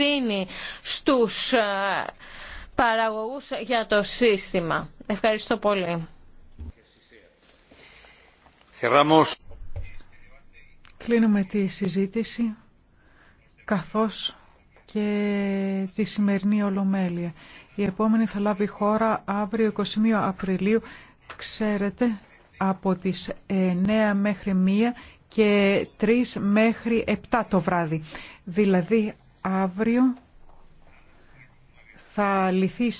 Στου στους ε, παραγωγούς για το σύστημα. Ευχαριστώ πολύ. Κλείνουμε τη συζήτηση καθώς και τη σημερινή Ολομέλεια. Η επόμενη θα λάβει χώρα αύριο 21 Απριλίου, ξέρετε, από τις 9 μέχρι 1 και 3 μέχρι 7 το βράδυ. Δηλαδή Αύριο θα λυθεί